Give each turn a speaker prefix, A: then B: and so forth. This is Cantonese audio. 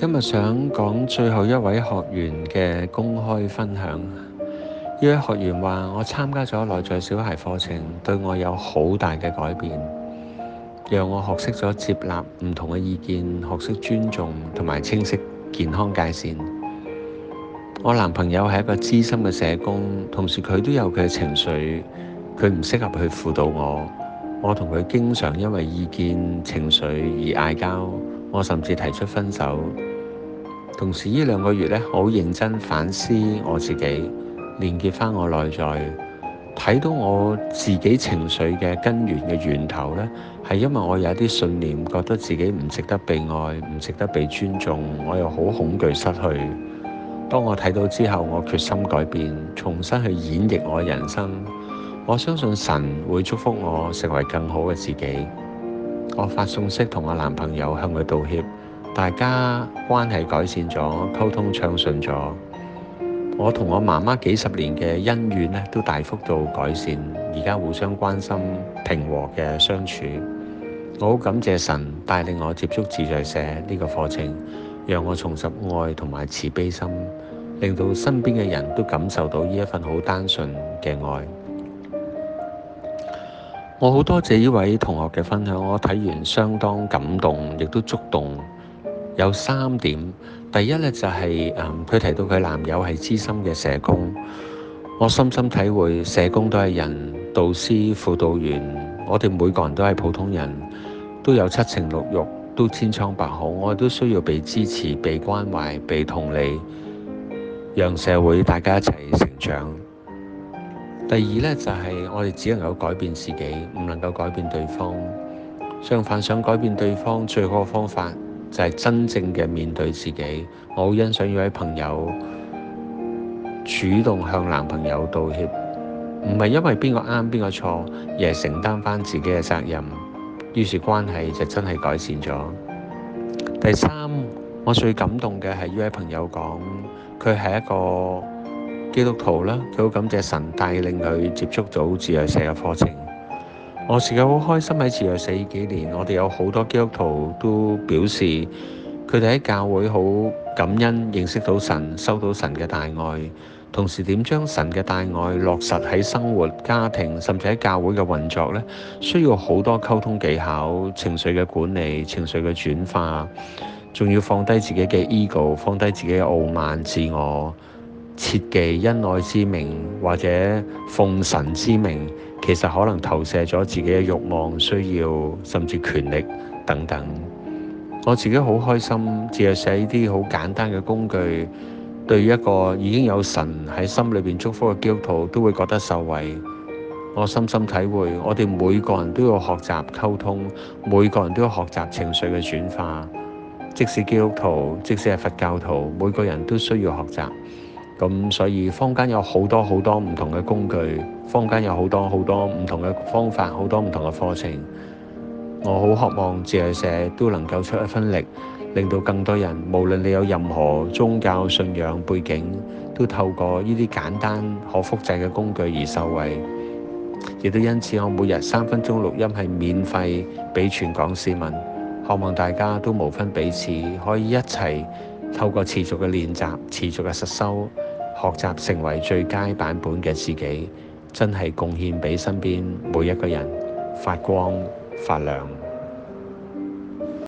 A: 今日想講最後一位學員嘅公開分享。呢位學員話：我參加咗內在小孩課程，對我有好大嘅改變，讓我學識咗接納唔同嘅意見，學識尊重同埋清晰健康界線。我男朋友係一個資深嘅社工，同時佢都有佢嘅情緒，佢唔適合去輔導我。我同佢經常因為意見、情緒而嗌交，我甚至提出分手。同時，呢兩個月咧，好認真反思我自己，連結返我內在，睇到我自己情緒嘅根源嘅源頭呢，係因為我有一啲信念，覺得自己唔值得被愛，唔值得被尊重，我又好恐懼失去。當我睇到之後，我決心改變，重新去演繹我人生。我相信神會祝福我成為更好嘅自己。我發信息同我男朋友向佢道歉。大家關係改善咗，溝通暢順咗。我同我媽媽幾十年嘅恩怨呢，都大幅度改善，而家互相關心、平和嘅相處。我好感謝神帶領我接觸自在社呢個課程，讓我重拾愛同埋慈悲心，令到身邊嘅人都感受到呢一份好單純嘅愛。我好多謝呢位同學嘅分享，我睇完相當感動，亦都觸動。有三點。第一咧就係、是、佢、嗯、提到佢男友係資深嘅社工，我深深體會社工都係人，導師、輔導員，我哋每個人都係普通人，都有七情六欲，都千瘡百孔，我哋都需要被支持、被關懷、被同理，讓社會大家一齊成長。第二呢就係、是、我哋只能夠改變自己，唔能夠改變對方。相反，想改變對方最好嘅方法，係真正嘅面對自己，我好欣賞呢位朋友主動向男朋友道歉，唔係因為邊個啱邊個錯，而係承擔翻自己嘅責任，於是關係就真係改善咗。第三，我最感動嘅係呢位朋友講，佢係一個基督徒啦，佢好感謝神帶領佢接觸到自在社嘅課程。我時間好開心喺自在社呢幾年，我哋有好多基督徒都表示，佢哋喺教會好感恩，認識到神，收到神嘅大愛。同時點將神嘅大愛落實喺生活、家庭，甚至喺教會嘅運作呢？需要好多溝通技巧、情緒嘅管理、情緒嘅轉化，仲要放低自己嘅 ego，放低自己嘅傲慢、自我，切忌恩愛之名或者奉神之名。其實可能投射咗自己嘅慾望、需要甚至權力等等。我自己好開心，只係寫呢啲好簡單嘅工具，對於一個已經有神喺心裏邊祝福嘅基督徒都會覺得受惠。我深深體會，我哋每個人都要學習溝通，每個人都要學習情緒嘅轉化。即使基督徒，即使係佛教徒，每個人都需要學習。咁所以坊間有好多好多唔同嘅工具，坊間有好多好多唔同嘅方法，好多唔同嘅課程。我好渴望自在社都能夠出一分力，令到更多人，無論你有任何宗教信仰背景，都透過呢啲簡單可複製嘅工具而受惠。亦都因此，我每日三分鐘錄音係免費俾全港市民，渴望大家都無分彼此，可以一齊透過持續嘅練習、持續嘅實修。學習成為最佳版本嘅自己，真係貢獻畀身邊每一個人，發光發亮。